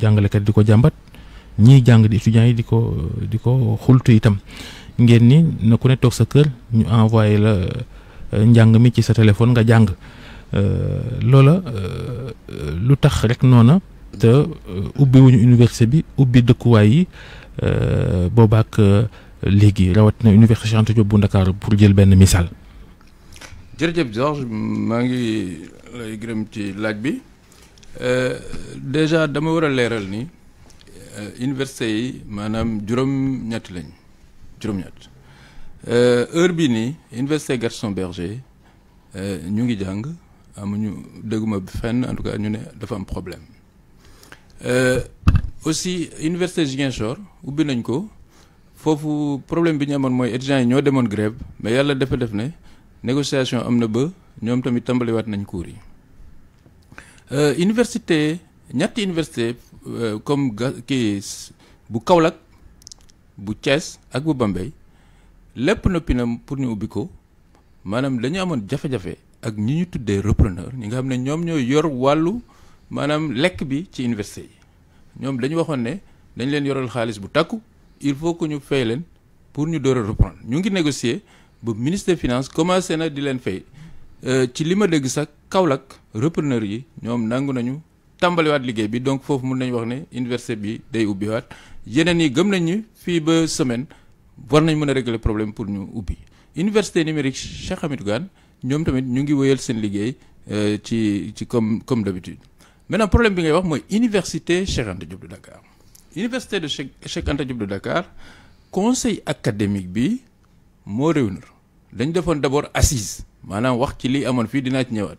jàngalekat di ko jàmbat ñiy jàng di étudiants yi di ko di ko xultu itam ngeen ni na ku ne toog sa kër ñu envoyé la euh, njàng mi ci sa téléphone nga jàng euh, loola euh, lu tax rek noona te ubbi wuñu université bi ubbi dëkkuwaay yi boobaak léegi rawatina université Cheikh Anta Diop bu Ndakaaru pour jël benn misaal. jërëjëf maa ngi lay gërëm ci laaj bi. Euh, déjà dama war a leeral ni euh, université yi maanaam juróom-ñett lañ juróom-ñett euh, université Berger ñu ngi jàng fenn en tout cas ñu dafa am problème aussi université Ziguinchor ubbi nañ ko foofu problème bi ñu amoon mooy étudiants ñoo grève mais yàlla dafa def négociation Euh, université ñetti université euh, comme ga kii bu Kaolack bu cees ak bu Bambey lépp noppi na pour ñu ubbi ko maanaam dañu amoon jafe-jafe ak ñi ñu tuddee repreneur ñi nga xam ne ñoom ñoo yor wàllu maanaam lekk bi ci université yi ñoom dañu waxoon ne dañu leen yoral xaalis bu takku il faut ku ñu fay leen pour ñu door a reprendre ñu ngi négocier ba ministre finance finances na di leen fay Euh, ci lima sax Kaolack repreneur yi ñoom nangu nañu tàmbaliwaat liggéey bi donc foofu ne université bi day yeneen yi gëm ba semaine war nañ régler problème pour ñu université numérique Cheikh des ñoom tamit ñu ngi seen euh, comme d'habitude maintenant problème bi ngay wax université Cheikh Dakar université de Cheikh de Dakar conseil académique bi moo réunir dañ d'abord assise manam wax ci li de fi dina ci ñëwaat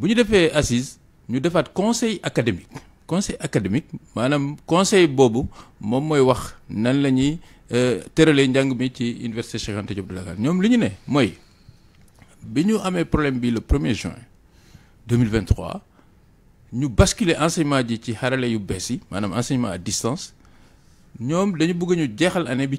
un défé assise ñu conseil académique conseil académique manam conseil bobu mom moy wax nan la qui euh, tëralee ci université de Dakar Nous problème le 1er juin 2023 ñu basculer enseignement ci yu à distance ñom dañu bëgg ñu jéxal année bi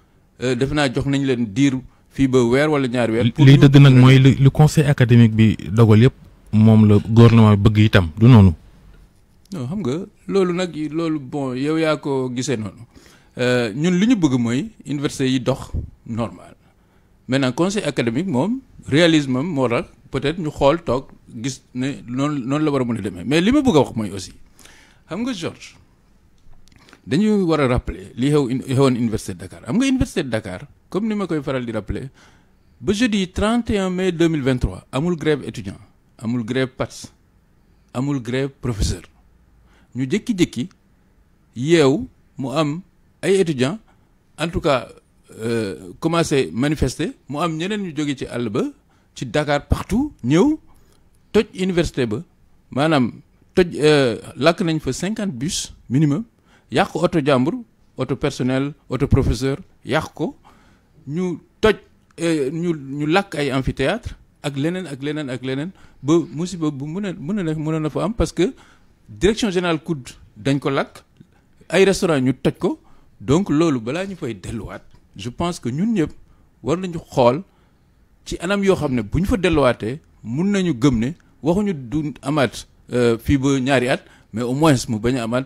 Le euh, naa jox nañ leen ba wala conseil académique bi dogal yëpp moom la gouvernement itam du non xam nga bon yow ko non, euh, ñun li ñu bëgg université yi dox normal maintenant conseil académique moom réalisme peut-être ñu xool toog gis ne non, la mais li bëgg wax aussi xam nga Georges nous war rappeler li xew xewoon université de Dakar am nga université de Dakar comme ni ma koy faral di rappeler ba jeudi 31 mai 2023 amul grève étudiant amul grève PATS amul grève professeur ñu jékki-jékki yeew mu am ay étudiants en tout cas à euh, manifester mu am ñeneen ñu jóge ci àll ci Dakar partout ñëw toj université ba maanaam toj euh, lakk nañ fa bus minimum yàq auto jàmbur auto personnel auto professeur yàq ko ñu toj eh, ñu ñu lak ay amphithéâtre ak lenen ak lenen ak lenen bu musiba bu mëna mëna mën a na fa am parce que direction générale COUD dañ ko lak ay restaurant ñu toj ko donc lolu bala ñu fay delluwaat je pense que ñun ñep war nañu xol ci anam yo xam ne bu ñu fa delluwaatee mun nañu gëm ne ñu du euh fi bu ñaari at mais au moins mu baña amat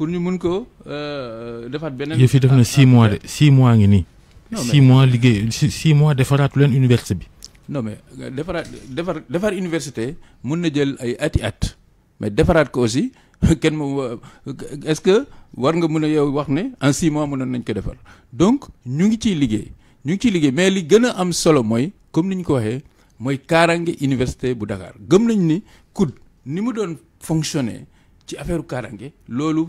pour ñu mun ko euh, defaat beneen. yëf fi def na six mois de six mois ngi nii. six mois liggéey six mois defaraatu leen université bi. non mais euh, defaraat defar defar université mun na jël ay ati at mais defaraat ko aussi kenn moom euh, est-ce que war nga mun a wax ne en six mois mënoon nañ ko defar donc ñu ngi ciy liggéey ñu ngi ciy liggéey mais li gën a am solo mooy comme ni ñu ko waxee mooy kaaraange université bu Dakar gëm nañ ni COUD ni mu doon fonctionner ci affaire kaaraange loolu.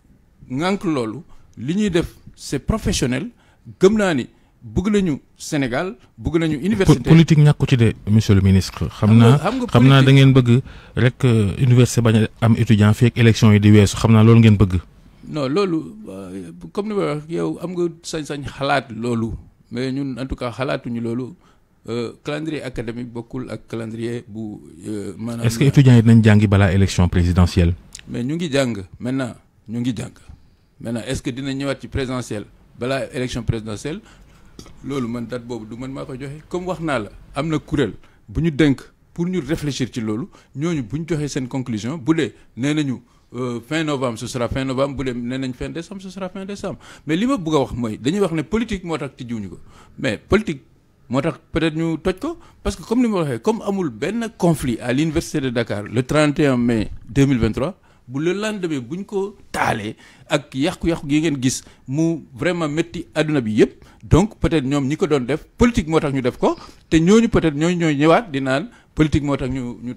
ngank loolu li ñuy def c'est professionnel gëm naa ni bëgg nañu Sénégal bëgg nañu université politique ñàkku ci dé monsieur le ministre. xamna xamna da ngeen bëgg rek euh, université bañ am étudiant fii ak élection yi di weesu xamna naa ngeen bëgg. non loolu euh, comme ni wax yow am nga sañ-sañ xalaat loolu mais ñun en tout cas xalaatuñu loolu. Euh, calendrier académique bokul ak calendrier bu manam est-ce que étudiant yi dinañ jàngi bala élection présidentielle. mais ñu ngi jàng maintenant ñu ngi jàng maintenant est-ce que dina ñëwaat ci l'élection élection présidentielle loolu man date boobu du man maa comme wax naa la am na kuréel bu ñu pour ñu réfléchir ci loolu nous bu ñu joxee seen conclusion bu dee euh, fin novembre ce sera fin novembre bu dee nee fin décembre ce sera fin décembre mais li que bëgg a wax mooy dañuy wax ne politique moo tax mais politique peut-être ñu toj ko parce que comme nous ma waxee comme amul benn conflit à l'université de Dakar le 31 mai 2023 bu le lendemain bu ko talé ak gi gis mu vraiment metti aduna bi donc peut-être ñom ñi ko doon def politique motax ñu def ko peut-être ñëwaat di politique ñu ñu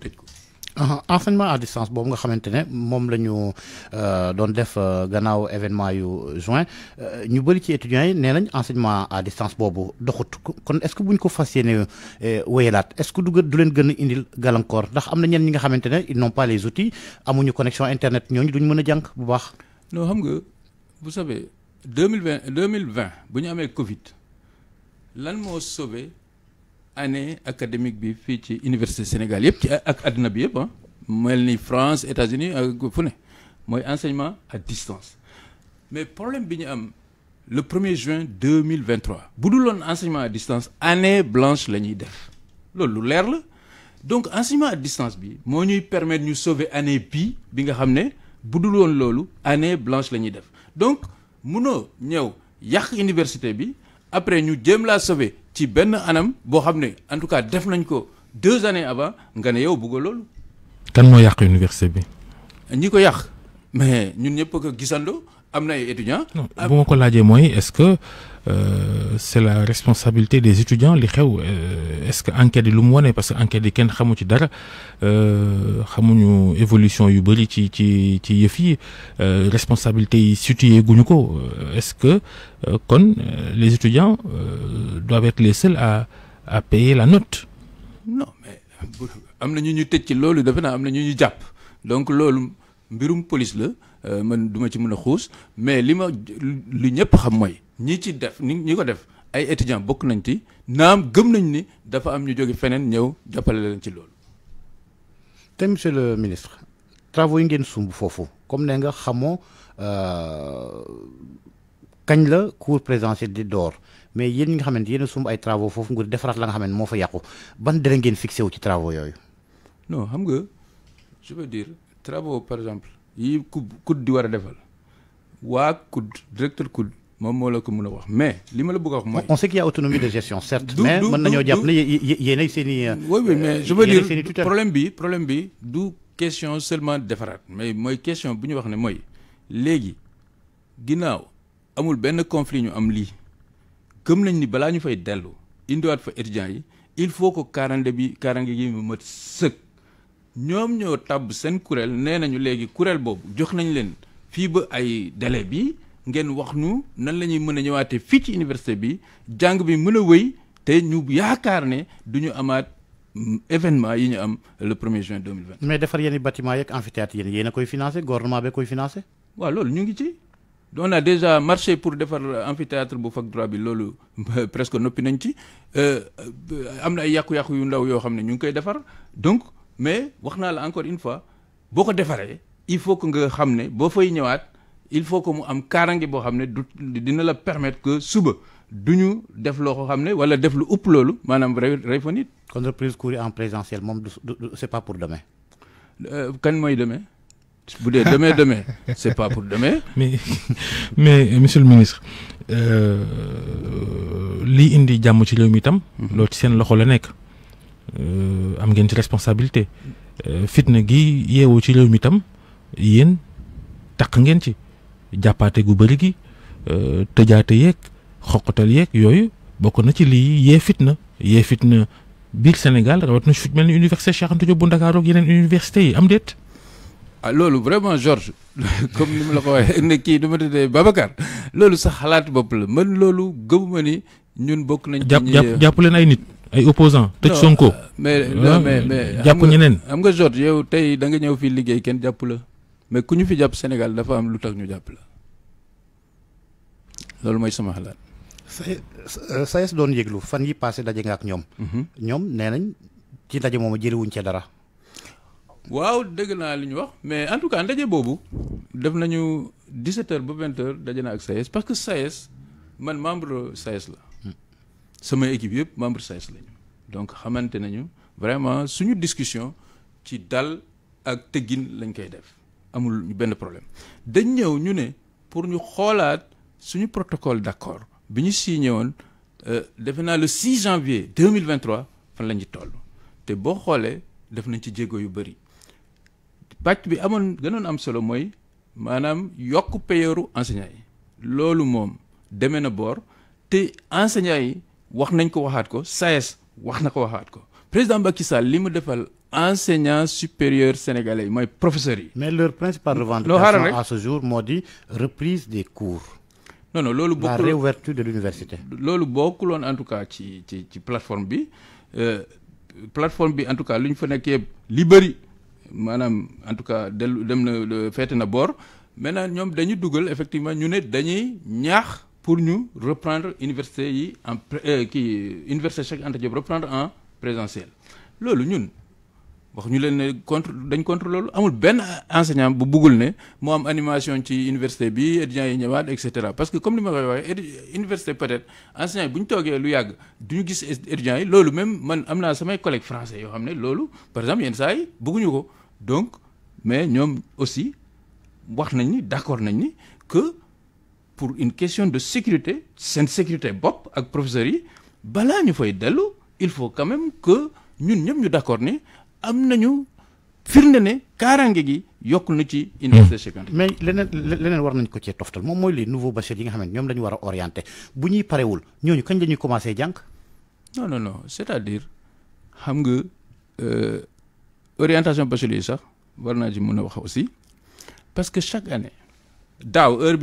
enseignement à distance bon, nga xamantene mom lañu euh don def euh, gannaaw événement yu juin euh, ñu bari ci étudiants né nañ enseignement à distance bobu doxut kon est-ce que buñ ko fasiyene yéene euh, est-ce que du du leen gën indil galancor ndax amna ñen ñi nga xamantene ils n'ont pas les outils amuñu connexion internet ñooñu duñ mëna jank bu baax. non xam nga vous savez 2020, 2020, buñ amé Covid lan mo sauvé année académique bi fi ci université Sénégal yëpp ci ak àdduna bi ah. France États-Unis ak fu ne enseignement à distance mais problème bi ñu le 1er juin 2023 bu enseignement à distance année blanche la ñuy def loolu lu la donc enseignement à distance bi moo ñuy permettre ñu sauver année qui bi nga xam ne bu année blanche la ñuy def donc munoo ñëw yàq université après ñu jéem la sauver ci benn anam bo xamné en tout cas def nañ ko deux années avant nga ne yow bëgg loolu. kan mo yaq université bi. ñi ko yàq mais ñun ñëpp ko gisandoo am ay étudiants. non bu ma ko est-ce que euh, c'est la responsabilité des étudiants li xew euh, est-ce que enquête yi lu mu wane parce que enquête yi kenn xamu ci dara euh, xamuñu évolution yu bëri ci ci ci yef yi responsabilité yi situé guñu ko est-ce que kon les étudiants doivent être les seuls à à payer la note. non mais amna ñu ñu tëj ci lolu defe naa ñu ñu japp donc lolu mbirum police le. Euh, man du ma ci mën a mais li ma li ñëpp xam moy ñi ci def ñi ko def ay étudiants bokk nañ ci naam gëm nañ ni dafa am ñu jóge fenen ñew jàppale leen ci lool te monsieur le ministre travaux yi ngeen sumb foofu comme né nga xamoo euh, kañ la cour présentiel di door mais yeen nga xamanté yeen sumbu ay travaux foofu ngir defaraat la nga xamanté mo fa yaqku ban dara ngeen fixé wu ci travaux yoyu non xam nga je veux dire travaux par exemple defal directeur mais li on sait qu'il y a autonomie de gestion certes. mais ne oui oui mais je veux dire problème bi problème bi du question seulement defaraat mais mooy question bu ñu wax ne mooy léegi ginnaaw amul benn conflit ñu am lii gëm nañ ni balaa ñu fay dellu indiwaat fa il faut que bi yi mu ñoom ñoo tab seen kuréel nee nañu léegi boobu jox nañ leen fii ba ay délai bi ngeen wax nan la ñuy mën a ci université bi jàng bi mën a ñu yaakaar ne duñu amaat événement yi ñu am le 1er juin 2020. mais defar yenn bâtiment yeeg amphithéâtre yéen yéen a koy financé gouvernement bee koy financé. waaw loolu ñu ngi ci. on a déjà marché pour defar amphithéâtre bu fac droit bi loolu presque noppi nañ ci euh, euh, am na ay yàqu-yàqu yu ndaw yoo ñu ngi koy donc mais encore une fois boo ko il faut que nga il faut que mu am kaarange boo xam du dina que suba nous def loo wala def lu en présentiel c'est pas pour demain. Euh, kan mooy demain. demain demain c'est pas pour demain. mais mais monsieur le ministre euh, lii indi ci mi Euh, am ngeen ci responsabilité euh, fitna gi yeewoo ci réew mi tam yéen taq ngeen ci jàppaate gu bëri gi euh, tëjaate yeek xoqatal yeeg yooyu bokk na ci lii yee fitna yee fitna biir Sénégal rawat na su mel ni université Cheikh Anta Diop bu Ndakaaru ak yeneen université yi am déet. ah loolu vraiment Georges comme ni ma la ko waxee ne kii dama tuddee Babacar loolu sax xalaat bopp la man loolu gëmuma ni ñun bokk nañ. jàpp jàpp leen ay nit. ay opposants tëj Sonko. Euh, mais ah, mais mais jàpp ñeneen. am nga George yow tey da nga ñëw fii liggéey kenn jàpp la mais ku ñu fi jàpp Sénégal dafa am lu tax ñu jàpp la loolu mooy sama xalaat. SAES doon yëglu fan yi passé daje nga ak ñoom. Mhm. ñoom nee nañ ci ndaje moomu jëriwuñ ci dara. waaw dëgg naa li ñu wax mais en tout cas ndaje boobu def nañu 17 heures ba 20 heures na ak SAES parce que SAES man membre SAES la. sama équipe yëpp membre SAES lañu donc xamante nañu vraiment suñu discussion ci dal ak teggin lañ koy def amul ñu benn problème dañ ñëw ñu ne pour ñu xoolaat suñu protocole d'accord bi ñu signé woon euh, defe naa le 6 janvier 2023 fan la ñu toll te boo xoolee def nañ ci jéego yu bëri pàcc bi amoon gënoon am solo mooy maanaam yokk peyooru enseignants yi loolu moom demee na boor te enseignants yi wax nañ ko waxaat ko SAES wax na ko waxaat ko président Bakisa, Sall li mu defal enseignants supérieurs sénégalais yi mooy professeurs yi. mais leur principal revendication à ce jour moo di reprise des cours. non non loolu bokkul la réouverture de l'université loolu bokkuloon en tout cas ci ci ci plateforme bi euh, plateforme bi en tout cas lu ñu fa nekk li bëri maanaam en tout cas dellu dem na féete na bor maintenant ñoom dañu dugal effectivement ñu ne dañuy ñaax pour nous reprendre université en qui euh, université chaque reprendre en présentiel lolu ñun wax ñu leen contre dañ contre enseignant bu ne animation ci université bi et cetera parce que comme ni ma université peut-être enseignant buñ lu du gis même man à collègue français par exemple yeen say donc mais aussi d'accord que pour une question de sécurité cette sécurité bop avec professeurs il faut quand même que ñun ñëpp ñu d'accord ni amnañu nañu né karangé gi yokk na ci université Cheikh mais lenen lenen war nañ ko ci toftal mom moy les nouveaux bacheliers yi nga xamné ñom ñoom wara orienter war a orienté bu ñuy parewul ñooñu kañ la commencer jank non non non c'est-à-dire xam nga euh, orientation bachelier sax war naa ci wax aussi parce que chaque année daw, heure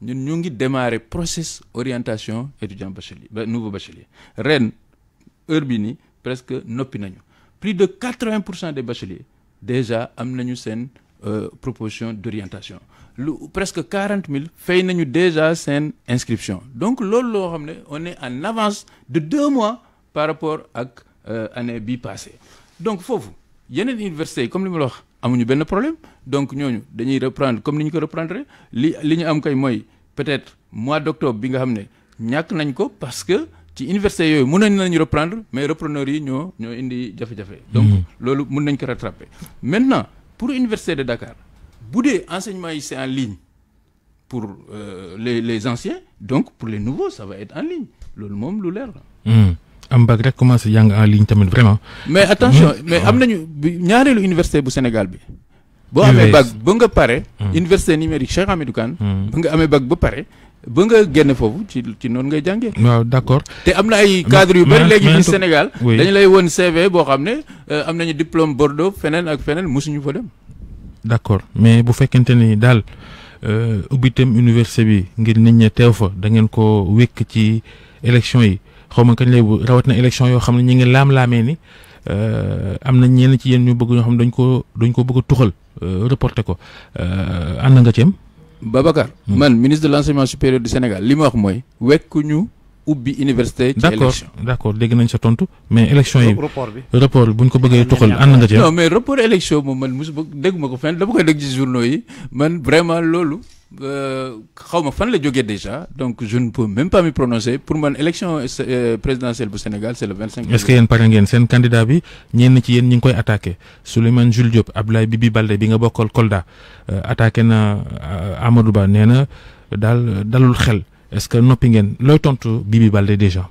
nous ñu ngi démarrer process orientation étudiant bachelier ba nouveau bachelier ren urbini presque noppi plus de 80% des bacheliers déjà am nañu euh, proposition d'orientation presque 40 000 fay nañu déjà une inscription donc loolu on est en avance de deux mois par rapport à euh, année bi passée donc foofu yeneen université comme li ma la wax amuñu benn problème donc ñooñu dañuy reprendre comme nous ko reprendre li li ñu am kay peut-être mois d'octobre bi nga xamné ñak nañ ko parce que ci université yooyu mën nañ reprendre mais repreneurs yi ñoo ñoo indi jafé jafé donc hmm. lolu mën nañ ko rattraper. maintenant pour université de Dakar boudé enseignement c'est en ligne pour euh, les les anciens donc pour les nouveaux ça va être en ligne lolu mom lu leer la. Hmm. am bac rek commencé en ligne tamit vraiment. mais attention hmm. mais am nañu ñaareelu université bu Sénégal bi. boo amee bac ba nga pare. Hmm. université numérique Cheikh Hamidou Kane. Hmm. ba nga amee bag ba pare. ba nga génn foofu ci ci noonu ngay jàngee. waaw d' accord te am na ay cadre yu bëri léegi ci Sénégal. dañu lay woon CV boo xam ne euh, am nañu diplôme Bordeaux feneen ak feneen mosuñu fa dem. d' accord mais bu fekkente ni daal euh, ubbiteem université bi ngir nit ñi teew fa da ngeen ko wékk ci élection yi xaw ma kañ lay na élection yoo xam ne ñu ngi laam-laamee ni. Euh, am na ñeen ci yéen ñu bëgg ñoo xam dañ ko dañ ko bëgg a tuxal euh, reporté ko euh, ànd nga ceem Babacar hmm. man ministre de l'enseignement supérieur du Sénégal li ma wax mooy wekkuñu ubbi université ci élection d' accord dégg nañ sa tontu mais élection yi report bi report bi bu ñu ko bëggee tuxal ànd nga ceem non mais report élection moom man mosu bëgg dégguma ko fenn dama koy dégg ci journaux yi man vraiment loolu Euh, fan déjà donc je ne peux même pas me prononcer pour moi, l'élection euh, euh, présidentielle au Sénégal c'est le 25. est-ce qu'il y a un seen candidat bi ñenn ci yéen ñi koy attaqué Souleymane Jules Diop Abdoulaye Bibi Baldé bi nga bokkal Kolda attaqué na Amadou Ba nee dal, dalul xel est-ce que noppi ngeen looy tontu Bibi Baldé déjà.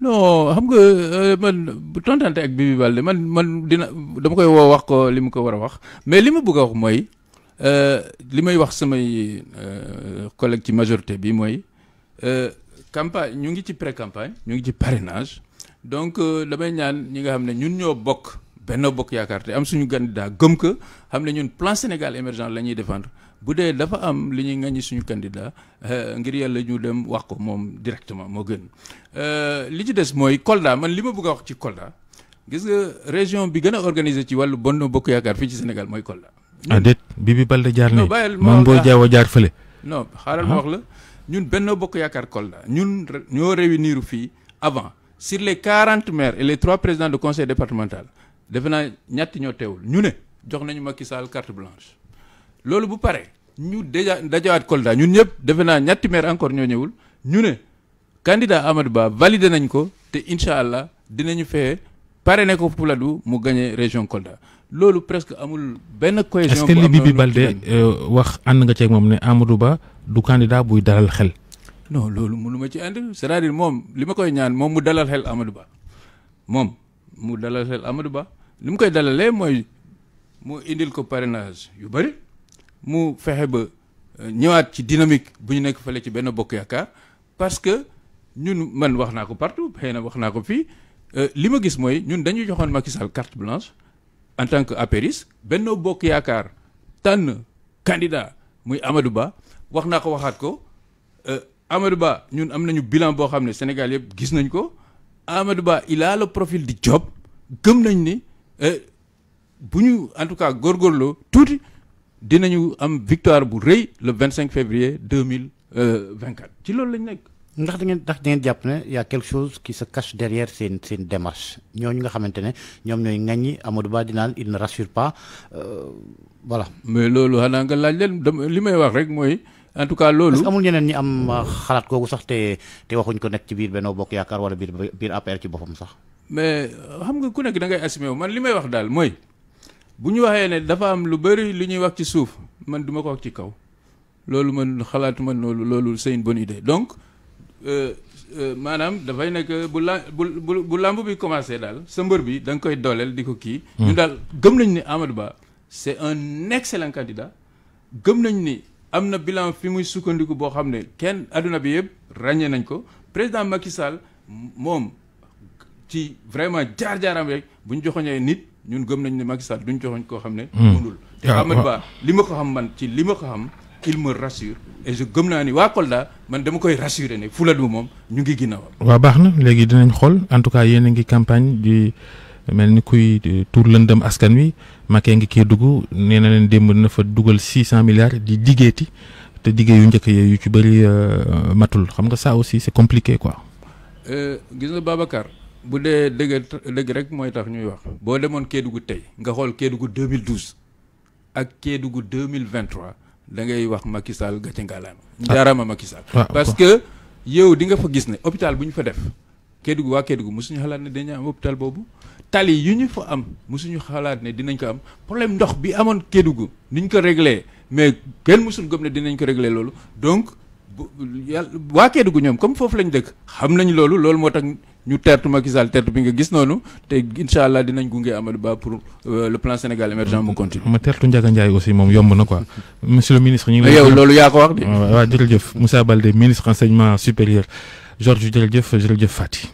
non xam nga man tontante ak Bibi balde man man dina dama koy wo wax ko limu ko wara wax mais limu bëgg wax moy Euh, li may wax samay euh, collègue ci majorité bi mooy euh, campagne ñu ngi ci pré campagne ñu ngi ci parrainage donc damay ñaan ñi nga xam ne ñun ñoo bokk benn bokk yaakaar te am suñu candidat gëm ko xam ne ñun plan Sénégal émergent la ñuy défendre bu dee dafa am li ñuy ŋaññi suñu candidat ngir yàlla ñu dem wax ko moom directement moo gën li ci des mooy Kolda man li ma bëgg a wax ci Kolda gis nga région bi gën a organisé ci wàllu Benno Bokk Yaakaar fii ci Sénégal mooy Kolda. ah Bibi Balde jaar ne Mame Boye Nous jaar non ah. wax la ñun Benno Bokk yakar Kolda ñun ñoo avant sur les 40 maires et les 3 présidents du conseil départemental devenant ñoo ne jox nañu carte blanche. lolu bu pare ñu déjà dajawaat Kolda ñun ñep defena maire encore ñoo ñewul ne candidat Amadou Ba validé nañ ko te incha dinañu nous pare ne ko Pouladou mu gagner région Kolda. loolu presque amul benn cohésion. est-ce que euh, wax ànd nga ceeg moom ne Amadou Ba du candidat buy dalal xel. non loolu mënu ci ànd cest à moom li ma koy ñaan moom mu dalal xel Ba moom mu dalal Amadou Ba li mu koy dalalee mooy mu indil ko parrainage yu bëri mu fexe ba euh, ñëwaat ci dynamique bu ñu nekk fële ci benn bokk yaakaar parce que ñun man wax naa ko partout xëy na wax naa ko fii euh, li ma gis mooy ñun dañuy joxoon Macky Sall carte blanche. en tant que apériste Benno Bokk Yaakaar tànn candidat muy Amadou Ba wax naa ko waxaat ko euh, Amadou Ba ñun am nañu bilan boo xam ne Sénégal yëpp gis nañ ko Amadou Ba il a profil di job gëm nañ ni euh, bu ñu en tout cas góorgóorloo tuuti dinañu am victoire bu rëy le vingt cinq février deux mille euh, vingt quatre ci loolu lañ nekk. ndax da ngeen ndax da ngeen jàpp ne y a quelque chose qui se cache derrière seen seen démarche ñooñu nga xamante ne ñoom ñooy ŋaññi Amadou Ba dinaan il ne rassure pas euh, voilà. mais loolu xanaa nga laaj leen li may wax rek mooy. en tout cas loolu amul ñeneen ñi am euh, xalaat googu sax te te waxuñ ko nekk ci biir Benno Bokk Yaakaar wala biir biir APR ci boppam sax. mais xam nga ku nekk da ngay assumer wu man li may wax daal mooy bu ñu waxee ne dafa am lu bëri lu ñuy wax ci suuf man du ko wax ci kaw loolu man xalaatu man loolu loolu c'est une bonne idée donc. Euh, euh, maanaam dafay nekk bu la bu bu bu làmb bi commencé daal sa mbër bi danga koy dooleel di ko kii. Hmm. ñu daal gëm nañ ni Amadou Ba c'est un excellent candidat gëm nañ ni am na bilan fi muy sukkandiku boo xam ne kenn adduna bi yëpp ràññee nañ ko président Macky Sall moom ci vraiment jaar-jaaram rek bu joxoñ joxoñee nit ñun gëm nañ ni Macky Sall duñ joxoñ koo xam ne. Hmm. mënul te ah, Amadou Ba li ma ko xam man ci li ma ko xam. il me rassure et je gëm ni wa Kolda man dama koy rassurer ne fula du mom ñu ngi ginnaawam. wa baax na léegi dinañ xol en tout cas yéen a ngi campagne di melni kuy tour lëndëm askan wi maké ngi ki duggu nee na leen démb na fa duggal 600 milliards di digéti te digé yu njëkk yooyu yu ci bëri euh, matul xam nga ça aussi c'est compliqué quoi. Euh, gis nga Babacar bu dé deug deug rek moy tax ñuy wax boo demoon Kédougou tay nga xool Kédougou 2012 ak Kédougou 2023. da ngay wax Macky Sall gàcce ngalaama ah. ma Macky Sall ah, parce que yow di nga fa gis ne hôpital bu ñu fa def Kédougou waa Kédougou mosuñu xalaat ne dañu am hôpital boobu tali yu ñu fa am mosuñu xalaat ne dinañ ko am problème ndox bi amoon gu ni ñu ko réglé mais kenn mosul gëm ne dinañ ko réglé loolu donc yàlla waa Kédougou ñoom comme foofu lañ dëkk xam nañ loolu loolu moo tax ñu tertu Macky Sall tertu bi nga gis noonu te incha allah dinañ gunge Amadou Ba pour euh, le plan Sénégal émergent mu continue ma tertu Ndiaga Ndiaye aussi moom yomb na quoi monsieur le ministre. ñu ngi yow loolu yaa ko wax de. waaw jërëjëf Moussa Baldé ministre enseignement supérieur Georges jërëjëf jërëjëf Fatick.